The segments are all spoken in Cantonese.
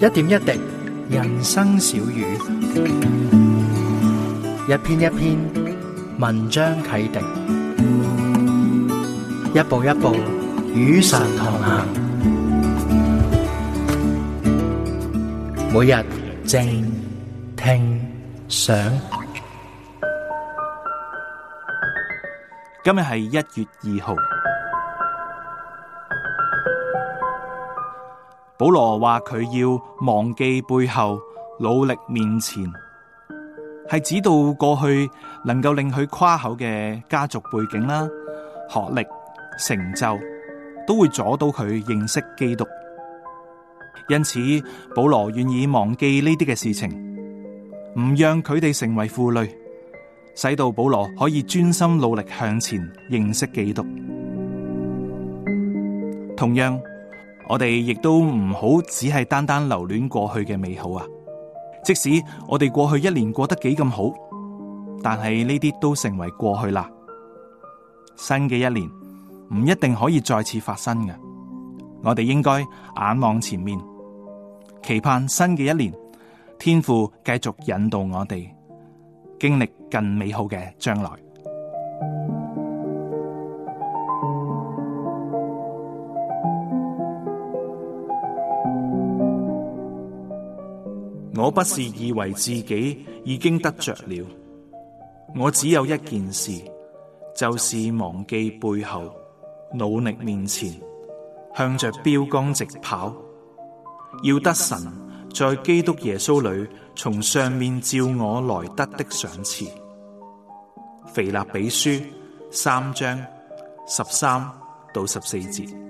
一點一滴，人生小語；一篇一篇，文章啟迪；一步一步，雨傘同行。每日靜聽，想今日係一月二號。保羅話佢要忘記背後，努力面前，係指到過去能夠令佢誇口嘅家族背景啦、學歷成就，都會阻到佢認識基督。因此，保羅願意忘記呢啲嘅事情，唔讓佢哋成為負累，使到保羅可以專心努力向前認識基督。同樣。我哋亦都唔好只係單單留戀過去嘅美好啊！即使我哋過去一年過得幾咁好，但係呢啲都成為過去啦。新嘅一年唔一定可以再次發生嘅，我哋應該眼望前面，期盼新嘅一年，天父繼續引導我哋經歷更美好嘅將來。我不是以為自己已經得着了，我只有一件事，就是忘記背後，努力面前，向着標杆直跑，要得神在基督耶穌裏從上面召我來得的賞賜。腓立比書三章十三到十四節。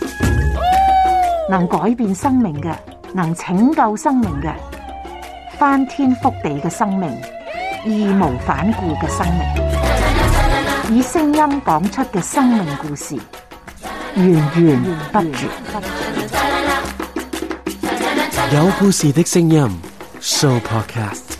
能改變生命嘅，能拯救生命嘅，翻天覆地嘅生命，義無反顧嘅生命，以聲音講出嘅生命故事，源源不絕。有故事的聲音，Sooo Podcast。